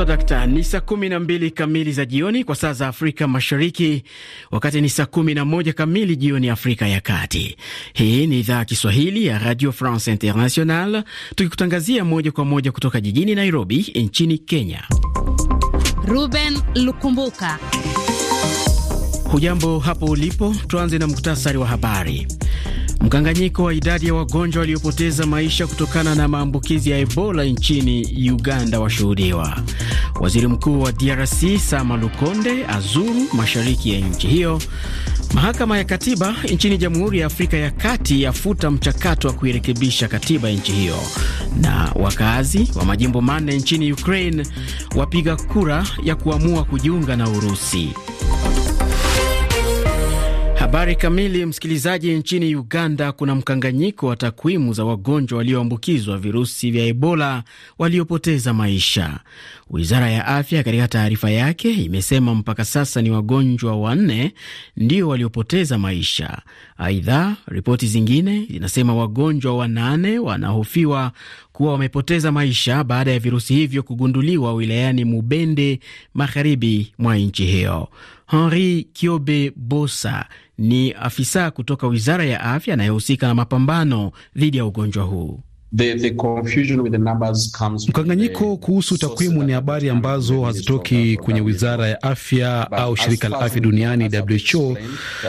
Haswa dakta, ni saa kumi na mbili kamili za jioni kwa saa za Afrika Mashariki, wakati ni saa kumi na moja kamili jioni Afrika ya Kati. Hii ni idhaa ya Kiswahili ya Radio France International, tukikutangazia moja kwa moja kutoka jijini Nairobi nchini Kenya. Ruben Lukumbuka, hujambo hapo ulipo? Tuanze na muktasari wa habari. Mkanganyiko wa idadi ya wagonjwa waliopoteza maisha kutokana na maambukizi ya Ebola nchini Uganda washuhudiwa. Waziri mkuu wa DRC Sama Lukonde azuru mashariki ya nchi hiyo. Mahakama ya katiba nchini Jamhuri ya Afrika ya Kati yafuta mchakato wa kuirekebisha katiba ya nchi hiyo, na wakazi wa majimbo manne nchini Ukraine wapiga kura ya kuamua kujiunga na Urusi. Habari kamili, msikilizaji. Nchini Uganda kuna mkanganyiko wa takwimu za wagonjwa walioambukizwa virusi vya Ebola waliopoteza maisha. Wizara ya afya katika taarifa yake imesema mpaka sasa ni wagonjwa wanne ndio waliopoteza maisha. Aidha, ripoti zingine zinasema wagonjwa wanane wanahofiwa kuwa wamepoteza maisha baada ya virusi hivyo kugunduliwa wilayani Mubende, magharibi mwa nchi hiyo. Henri Kiobe Bosa ni afisa kutoka wizara ya afya anayehusika na mapambano dhidi ya ugonjwa huu. The, the confusion with the numbers comes mkanganyiko kuhusu takwimu ni habari ambazo hazitoki kwenye Wizara ya Afya au Shirika la Afya Duniani WHO,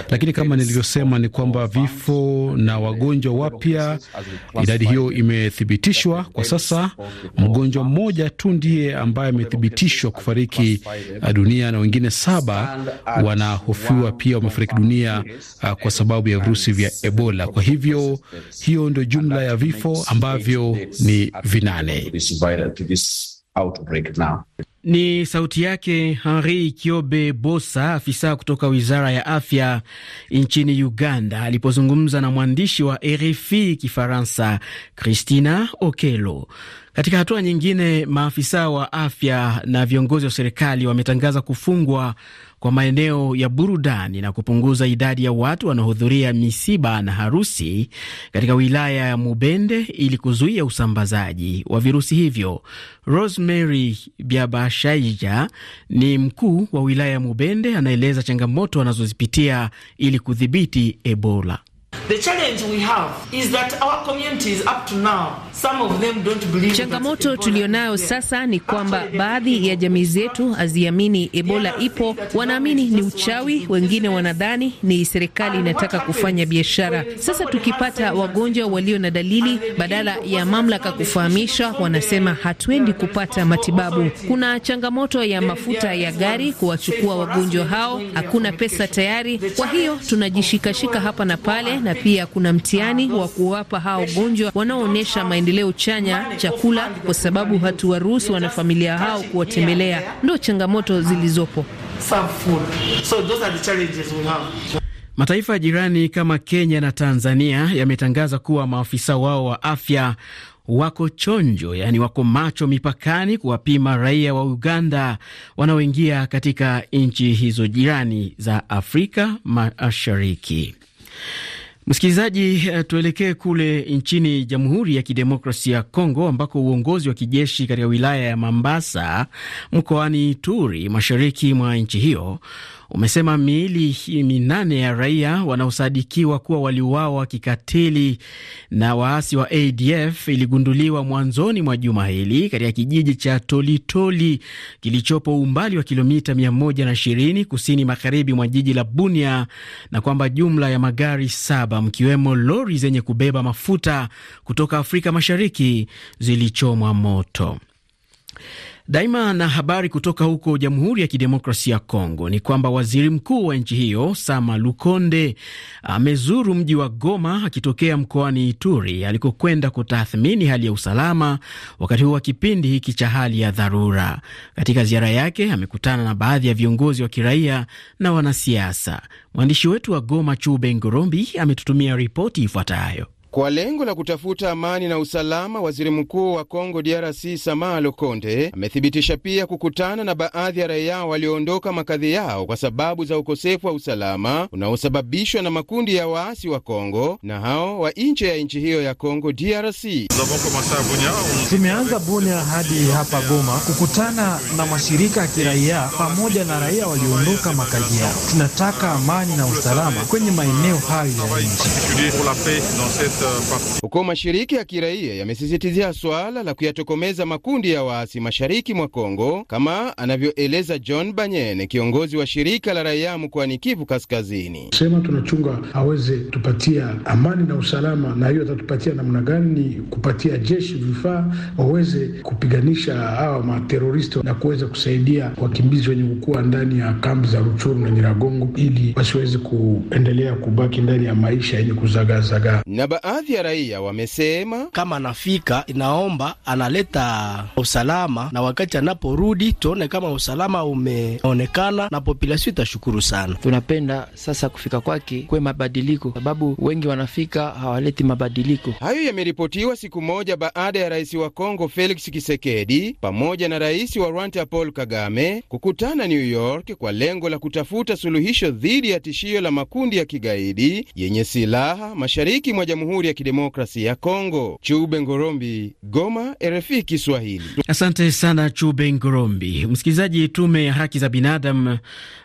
lakini kama nilivyosema ni kwamba vifo na wagonjwa wapya, idadi hiyo imethibitishwa kwa sasa. Mgonjwa mmoja tu ndiye ambaye amethibitishwa kufariki dunia na wengine saba wanahofiwa pia wamefariki dunia uh, kwa sababu ya virusi vya Ebola. Kwa hivyo hiyo ndio jumla ya vifo ambavyo ni vinane. Ni sauti yake Henri Kiobe Bosa, afisa kutoka wizara ya afya nchini Uganda, alipozungumza na mwandishi wa RFI Kifaransa, Christina Okelo. Katika hatua nyingine, maafisa wa afya na viongozi wa serikali wametangaza kufungwa kwa maeneo ya burudani na kupunguza idadi ya watu wanaohudhuria misiba na harusi katika wilaya ya Mubende ili kuzuia usambazaji wa virusi hivyo. Rosemary Biabashaija ni mkuu wa wilaya ya Mubende, anaeleza changamoto wanazozipitia ili kudhibiti Ebola. The challenge we have is that our communities up to now Changamoto tuliyonayo sasa ni kwamba baadhi ya jamii zetu haziamini Ebola ipo, wanaamini ni uchawi, wengine wanadhani ni serikali inataka kufanya biashara. Sasa tukipata wagonjwa walio na dalili, badala ya mamlaka kufahamisha, wanasema hatuendi kupata matibabu. Kuna changamoto ya mafuta ya gari kuwachukua wagonjwa hao, hakuna pesa tayari. Kwa hiyo tunajishikashika hapa na pale, na pia kuna mtihani wa kuwapa hao wagonjwa wanaoonyesha maendeleo maendeleo chanya chakula, kwa sababu hatuwaruhusu wanafamilia hao kuwatembelea. Ndo changamoto zilizopo. Mataifa ya jirani kama Kenya na Tanzania yametangaza kuwa maafisa wao wa afya wako chonjo, yaani wako macho mipakani kuwapima raia wa Uganda wanaoingia katika nchi hizo jirani za Afrika Mashariki. Msikilizaji, eh, tuelekee kule nchini Jamhuri ya Kidemokrasia ya Kongo ambako uongozi wa kijeshi katika wilaya ya Mambasa mkoani Turi mashariki mwa nchi hiyo umesema miili minane ya raia wanaosadikiwa kuwa waliuawa kikatili na waasi wa ADF iligunduliwa mwanzoni mwa juma hili katika kijiji cha Tolitoli kilichopo umbali wa kilomita 120 kusini magharibi mwa jiji la Bunia, na kwamba jumla ya magari saba mkiwemo lori zenye kubeba mafuta kutoka Afrika Mashariki zilichomwa moto. Daima na habari kutoka huko Jamhuri ya Kidemokrasia ya Kongo ni kwamba waziri mkuu wa nchi hiyo Sama Lukonde amezuru mji wa Goma akitokea mkoani Ituri alikokwenda kutathmini hali ya usalama wakati huu wa kipindi hiki cha hali ya dharura. Katika ziara yake amekutana na baadhi ya viongozi wa kiraia na wanasiasa. Mwandishi wetu wa Goma Chube Ngorombi ametutumia ripoti ifuatayo. Kwa lengo la kutafuta amani na usalama, waziri mkuu wa congo DRC Sama Lokonde amethibitisha pia kukutana na baadhi ya raia walioondoka makazi yao kwa sababu za ukosefu wa usalama unaosababishwa na makundi ya waasi wa congo na hao wa nje ya nchi hiyo ya congo DRC. Tumeanza Bunia hadi hapa Goma kukutana na mashirika ya kiraia pamoja na raia walioondoka makazi yao. Tunataka amani na usalama kwenye maeneo hayo ya nchi. Huko mashirika ya kiraia yamesisitizia swala la kuyatokomeza makundi ya waasi mashariki mwa Kongo, kama anavyoeleza John Banyene, kiongozi wa shirika la raia mkoani Kivu Kaskazini. Sema tunachunga aweze tupatia amani na usalama, na hiyo atatupatia namna gani? Ni kupatia jeshi vifaa waweze kupiganisha hawa materoristi na kuweza kusaidia wakimbizi wenye kukuwa ndani ya kambi za Ruchuru na Nyiragongo ili wasiweze kuendelea kubaki ndani ya maisha yenye kuzagaazagaa. Baadhi ya raia wamesema kama anafika inaomba analeta usalama, na wakati anaporudi tuone kama usalama umeonekana na populasio itashukuru sana. Tunapenda sasa kufika kwake kwe mabadiliko, sababu wengi wanafika hawaleti mabadiliko. Hayo yameripotiwa siku moja baada ya rais wa Kongo Felix Tshisekedi pamoja na rais wa Rwanda Paul Kagame kukutana New York kwa lengo la kutafuta suluhisho dhidi ya tishio la makundi ya kigaidi yenye silaha mashariki mwa jamhuri Jamhuri ya Kidemokrasi ya Kongo. Chube Ngorombi, Goma, RFI Kiswahili. Asante sana Chube Ngorombi. Msikilizaji, tume ya haki za binadamu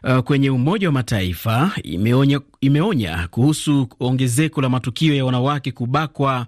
uh, kwenye Umoja wa Mataifa imeonya imeonya kuhusu ongezeko la matukio ya wanawake kubakwa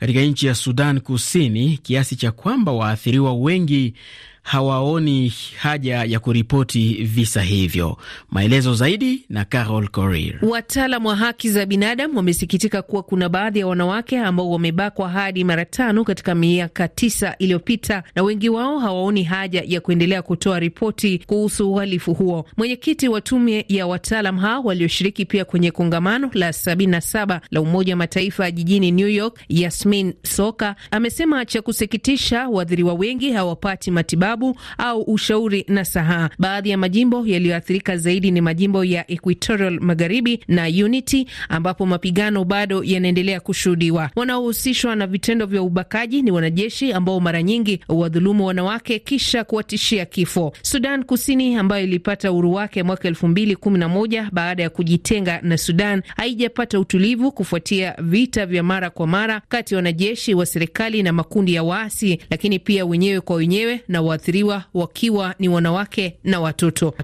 katika nchi ya Sudan Kusini, kiasi cha kwamba waathiriwa wengi hawaoni haja ya kuripoti visa hivyo. Maelezo zaidi na Carol Corir. Wataalam wa haki za binadamu wamesikitika kuwa kuna baadhi ya wanawake ambao wamebakwa hadi mara tano katika miaka tisa iliyopita, na wengi wao hawaoni haja ya kuendelea kutoa ripoti kuhusu uhalifu huo. Mwenyekiti wa tume ya wataalam hao walioshiriki pia kwenye kwenye kongamano la 77 la Umoja wa Mataifa jijini New York, Yasmin Soka amesema cha kusikitisha, waathiriwa wengi hawapati matibabu au ushauri na sahaa. Baadhi ya majimbo yaliyoathirika zaidi ni majimbo ya Equatorial Magharibi na Unity ambapo mapigano bado yanaendelea kushuhudiwa. Wanaohusishwa na vitendo vya ubakaji ni wanajeshi ambao mara nyingi wadhulumu wanawake kisha kuwatishia kifo. Sudan Kusini ambayo ilipata uhuru wake mwaka elfu mbili kumi na moja baada ya kujitenga na Sudan haijapata utulivu kufuatia vita vya mara kwa mara kati ya wanajeshi wa serikali na makundi ya waasi, lakini pia wenyewe kwa wenyewe na waathiriwa wakiwa ni wanawake na watoto.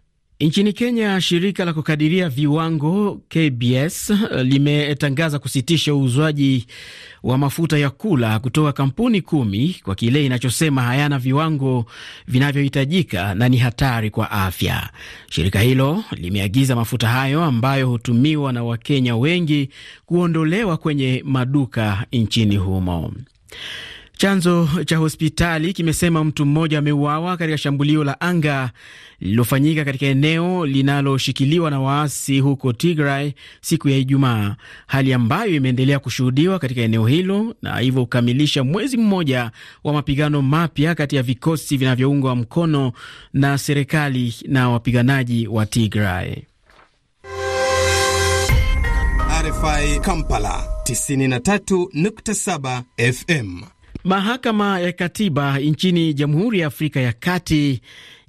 Nchini Kenya, shirika la kukadiria viwango KBS limetangaza kusitisha uuzwaji wa mafuta ya kula kutoka kampuni kumi kwa kile inachosema hayana viwango vinavyohitajika na ni hatari kwa afya. Shirika hilo limeagiza mafuta hayo ambayo hutumiwa na Wakenya wengi kuondolewa kwenye maduka nchini humo. Chanzo cha hospitali kimesema mtu mmoja ameuawa katika shambulio la anga lililofanyika katika eneo linaloshikiliwa na waasi huko Tigray siku ya Ijumaa, hali ambayo imeendelea kushuhudiwa katika eneo hilo na hivyo kukamilisha mwezi mmoja wa mapigano mapya kati ya vikosi vinavyoungwa mkono na serikali na wapiganaji wa Tigray. RFI Kampala 93.7 FM. Mahakama ya Katiba nchini Jamhuri ya Afrika ya Kati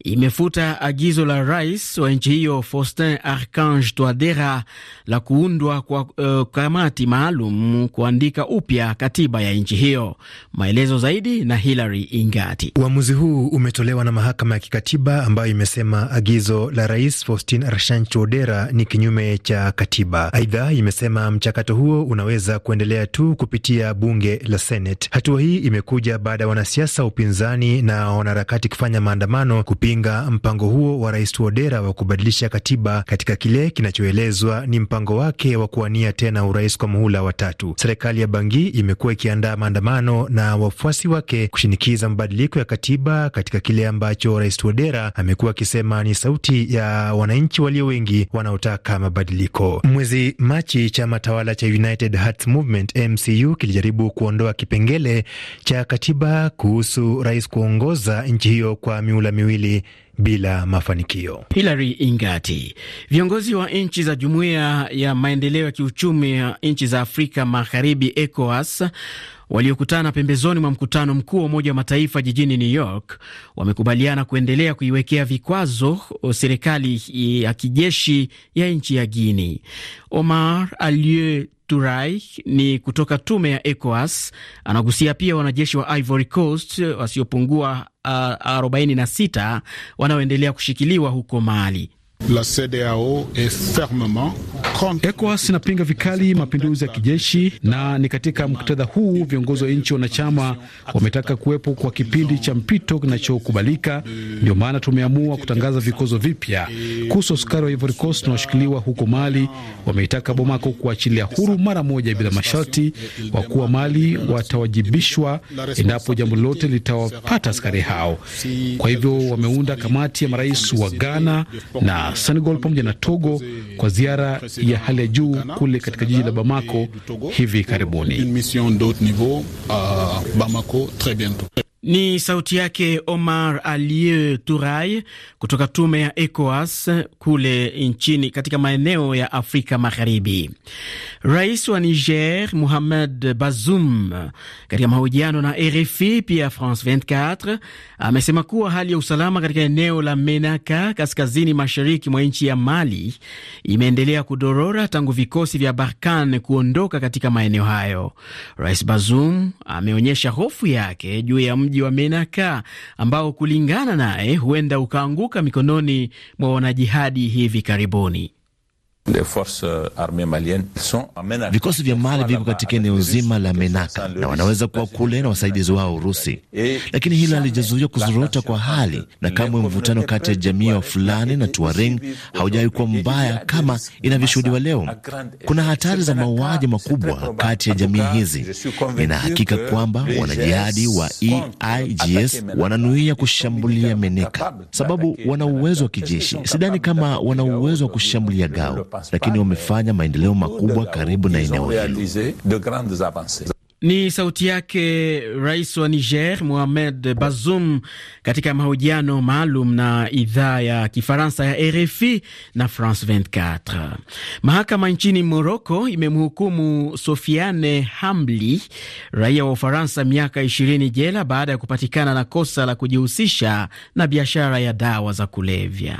imefuta agizo la rais wa nchi hiyo Faustin Archange Touadera la kuundwa kwa uh, kamati maalum kuandika upya katiba ya nchi hiyo. Maelezo zaidi na Hilary Ingati. Uamuzi huu umetolewa na mahakama ya kikatiba ambayo imesema agizo la rais Faustin Archange Touadera ni kinyume cha katiba. Aidha, imesema mchakato huo unaweza kuendelea tu kupitia bunge la Senate. Hatua hii imekuja baada ya wanasiasa wa upinzani na wanaharakati kufanya maandamano kupinga kupinga mpango huo wa Rais tuodera wa kubadilisha katiba katika kile kinachoelezwa ni mpango wake wa kuwania tena urais kwa muhula wa tatu. Serikali ya Bangi imekuwa ikiandaa maandamano na wafuasi wake kushinikiza mabadiliko ya katiba katika kile ambacho Rais tuodera amekuwa akisema ni sauti ya wananchi walio wengi wanaotaka mabadiliko. Mwezi Machi, chama tawala cha United Hearts Movement MCU kilijaribu kuondoa kipengele cha katiba kuhusu rais kuongoza nchi hiyo kwa miula miwili bila mafanikio. Hilary Ingati. Viongozi wa nchi za jumuiya ya maendeleo ya kiuchumi ya nchi za Afrika Magharibi, ECOWAS, waliokutana pembezoni mwa mkutano mkuu wa Umoja wa Mataifa jijini New York wamekubaliana kuendelea kuiwekea vikwazo serikali ya kijeshi ya nchi ya Guini. Omar Alieu Turai ni kutoka tume ya ECOWAS. Anagusia pia wanajeshi wa Ivory Coast wasiopungua uh, 46 wanaoendelea kushikiliwa huko Mali. La CDAO est fermement ECOWAS inapinga vikali mapinduzi ya kijeshi, na ni katika muktadha huu viongozi wa nchi wanachama wametaka kuwepo kwa kipindi cha mpito kinachokubalika. Ndio maana tumeamua kutangaza vikwazo vipya kuhusu askari wa Ivory Coast wanaoshikiliwa huko Mali. Wameitaka Bamako kuachilia huru mara moja bila masharti. Wakuu wa Mali watawajibishwa endapo jambo lolote litawapata askari hao. Kwa hivyo wameunda kamati ya marais wa Ghana na Senegal pamoja na Togo kwa ziara ya hali ya juu kule katika jiji la Bamako hivi karibuni. Ni sauti yake Omar Alieu Turai kutoka tume ya ECOWAS kule nchini katika maeneo ya Afrika Magharibi. Rais wa Niger Muhamed Bazoum, katika mahojiano na RFI pia France 24, amesema kuwa hali ya usalama katika eneo la Menaka kaskazini mashariki mwa nchi ya Mali imeendelea kudorora tangu vikosi vya Barkan kuondoka katika maeneo hayo. Rais Bazoum ameonyesha hofu yake juu ya mji mji wa Menaka ambao kulingana naye huenda ukaanguka mikononi mwa wanajihadi hivi karibuni. Vikosi vya Mali viko katika eneo zima la Menaka na wanaweza kuwa kule na wasaidizi wao Urusi, lakini hilo halijazuia kuzorota kwa hali, na kamwe mvutano kati ya jamii wa fulani na Tuareg haujawahi kuwa mbaya kama inavyoshuhudiwa leo. Kuna hatari za mauaji makubwa kati ya jamii hizi. Nina hakika kwamba wanajihadi wa EIGS e wananuia kushambulia Meneka sababu wana uwezo wa kijeshi. Sidhani kama wana uwezo wa kushambulia Gao lakini wamefanya maendeleo makubwa karibu na eneo hili. Ni sauti yake Rais wa Niger Mohamed Bazoum katika mahojiano maalum na idhaa ya Kifaransa ya RFI na France 24. Mahakama nchini Moroko imemhukumu Sofiane Hamli, raia wa Ufaransa, miaka 20 jela baada ya kupatikana na kosa la kujihusisha na biashara ya dawa za kulevya.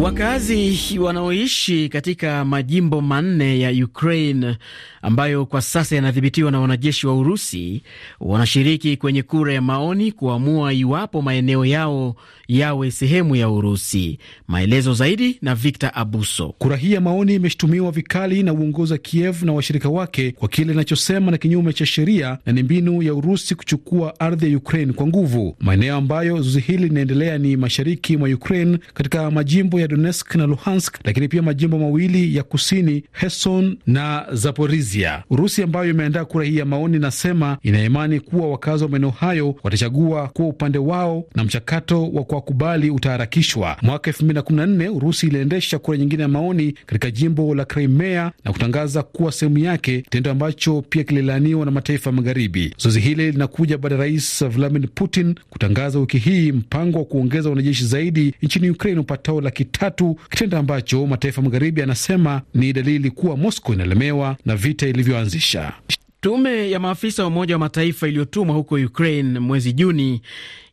Wakazi wanaoishi katika majimbo manne ya Ukraine ambayo kwa sasa yanadhibitiwa na wanajeshi wa Urusi wanashiriki kwenye kura ya maoni kuamua iwapo maeneo yao yawe sehemu ya Urusi. Maelezo zaidi na Victor Abuso. Kura hii ya maoni imeshutumiwa vikali na uongozi wa Kiev na washirika wake kwa kile inachosema na kinyume cha sheria na ni mbinu ya Urusi kuchukua ardhi ya Ukraine kwa nguvu. Maeneo ambayo zuzi hili linaendelea ni mashariki mwa Ukraine katika majimbo ya Donetsk na Luhansk, lakini pia majimbo mawili ya kusini Kherson na Zaporizhia. Urusi ambayo imeandaa kura hii ya maoni inasema inaimani kuwa wakazi wa maeneo hayo watachagua kuwa upande wao na mchakato wa kuwakubali utaharakishwa. Mwaka nne Urusi iliendesha kura nyingine ya maoni katika jimbo la Crimea na kutangaza kuwa sehemu yake, kitendo ambacho pia kililaaniwa na mataifa ya Magharibi. Zoezi hili linakuja baada ya Rais Vladimir Putin kutangaza wiki hii mpango wa kuongeza wanajeshi zaidi nchini Ukraine upatao laki tatu, kitendo ambacho mataifa magharibi yanasema ni dalili kuwa Moscow inalemewa na vita ilivyoanzisha. Tume ya maafisa wa Umoja wa Mataifa iliyotumwa huko Ukraine mwezi Juni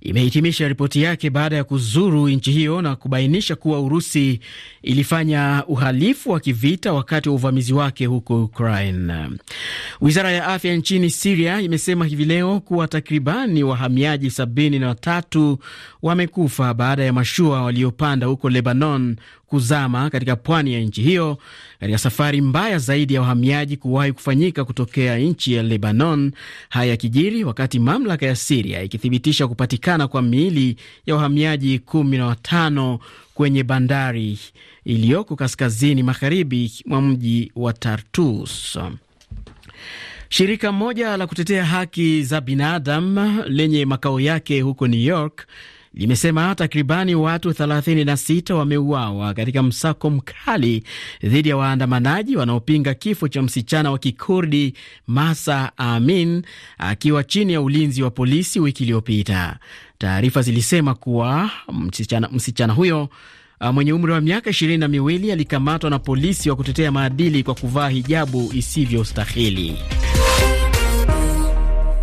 imehitimisha ripoti yake baada ya kuzuru nchi hiyo na kubainisha kuwa Urusi ilifanya uhalifu wa kivita wakati wa uvamizi wake huko Ukraine. Wizara ya afya nchini Siria imesema hivi leo kuwa takribani wahamiaji sabini na watatu wamekufa baada ya mashua waliopanda huko Lebanon kuzama katika pwani ya nchi hiyo katika safari mbaya zaidi ya wahamiaji kuwahi kufanyika kutokea nchi ya Lebanon. Haya yakijiri wakati mamlaka ya Siria ikithibitisha kupatikana kupatikana kwa miili ya wahamiaji kumi na watano kwenye bandari iliyoko kaskazini magharibi mwa mji wa Tartus. Shirika moja la kutetea haki za binadamu lenye makao yake huko New York limesema takribani watu 36 wameuawa katika msako mkali dhidi ya waandamanaji wanaopinga kifo cha msichana wa Kikurdi Masa Amin akiwa chini ya ulinzi wa polisi wiki iliyopita. Taarifa zilisema kuwa msichana, msichana huyo uh, mwenye umri wa miaka ishirini na miwili alikamatwa na polisi wa kutetea maadili kwa kuvaa hijabu isivyostahili.